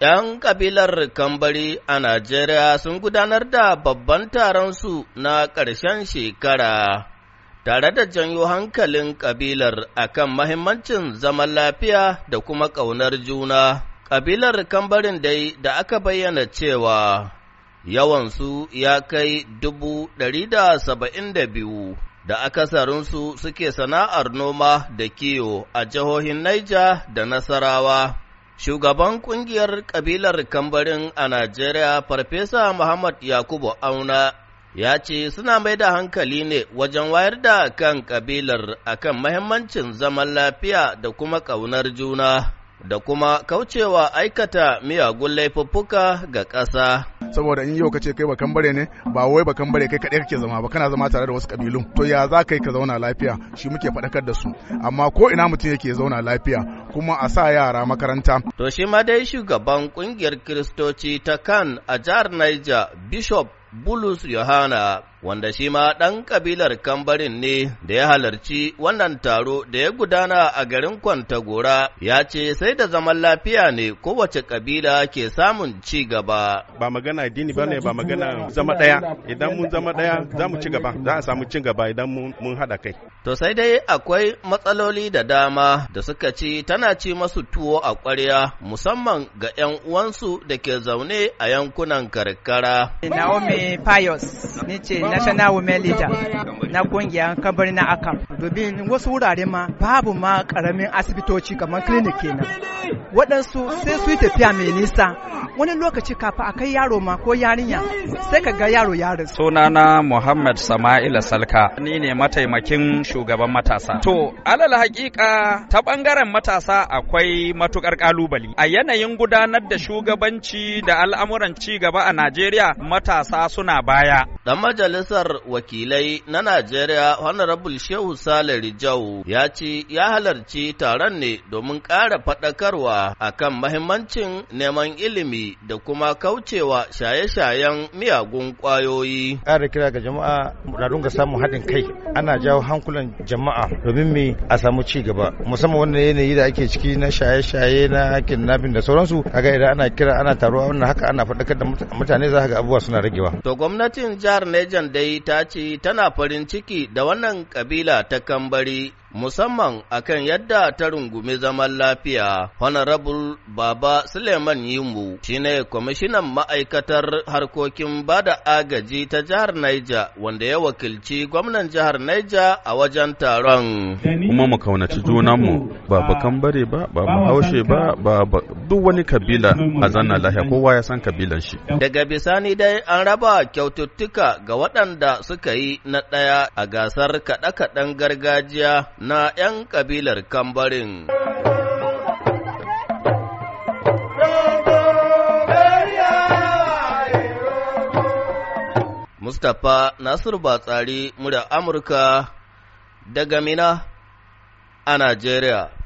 ‘Yan kabilar Kambari a Najeriya sun gudanar da babban taronsu na ƙarshen shekara, tare da janyo hankalin kabilar kan mahimmancin zaman lafiya da kuma ƙaunar juna. Kabilar Kambarin dai da aka bayyana cewa yawansu ya kai dubu ɗari da saba'in da biyu. Da akasarinsu suke sana'ar noma da kiyo a jihohin Naija da Nasarawa. Shugaban ƙungiyar ƙabilar kambarin a Najeriya, Farfesa Muhammad Yakubu Auna, ya ce suna mai da hankali ne wajen wayar da kan ƙabilar akan mahimmancin zaman lafiya da kuma ƙaunar juna, da kuma kaucewa aikata miyagun laifuffuka ga ƙasa. saboda in yau ka ce kai ba kambare ne ba wai ba kambare kai kaɗai kake zama ba kana zama tare da wasu kabilun to ya za kai ka zauna lafiya shi muke faɗakar da su amma ko ina mutum yake zauna lafiya kuma a sa yara makaranta. To shi ma dai shugaban kungiyar Kiristoci ta kan a jihar Niger Bishop Bulus Yohana wanda shi ma ɗan ƙabilar kambarin ne da ya halarci wannan taro da ya gudana a garin Kwantagora ya ce sai da zaman lafiya ne kowace ƙabila ke samun ci gaba. Ba magana dini ba ne ba magana zama ɗaya, idan mun zama ɗaya za mu ci gaba, za a samu ci gaba idan mun haɗa kai. To sai dai akwai matsaloli da dama da suka ci tana ci masu tuwo a ƙwarya musamman ga 'yan uwansu da ke zaune a yankunan karkara. Naomi Payos, ni ce national women leader na kungiyar kabar na akam domin wasu wurare ma babu ma karamin asibitoci kamar clinic kenan waɗansu sai su yi tafiya mai nisa wani lokaci kafa a kai yaro ma ko yarinya sai ka ga yaro Suna na muhammad sama'ila salka ni ne mataimakin shugaban matasa to alal hakika ta bangaren matasa akwai matukar kalubali. a yanayin gudanar da shugabanci da al'amuran ci gaba a najeriya matasa suna baya dan majalis Majalisar Wakilai na Najeriya Honorable Shehu Sale Rijau ya ce ya halarci taron ne domin ƙara faɗakarwa a kan mahimmancin neman ilimi da kuma kaucewa shaye-shayen miyagun ƙwayoyi. Ƙara kira ga jama'a da dunga samun haɗin kai ana jawo hankulan jama'a domin mi a samu ci gaba musamman wannan yanayi da ake ciki na shaye-shaye na kidnapping da sauransu kaga idan ana kira ana taruwa wannan haka ana faɗakar da mutane za ga abubuwa suna ragewa. To gwamnatin jihar Niger dai ta ce tana farin ciki da wannan kabila ta kambari musamman akan yadda ta rungumi zaman lafiya honorable baba suleiman yimu shine kwamishinan ma'aikatar harkokin bada agaji ta jihar naija wanda ya wakilci gwamnan jihar naija a wajen taron kuma mu kaunaci junanmu ba bakan bare ba ba mu haushe ba ba duk wani kabila a zanna lahiya kowa ya san kabilan shi daga bisani dai an raba kyaututtuka ga waɗanda suka yi na ɗaya a gasar kaɗe-kaɗen gargajiya na 'yan ƙabilar kambarin. Mustapha Nasiru Batsari, murya Amurka daga Mina a Najeriya.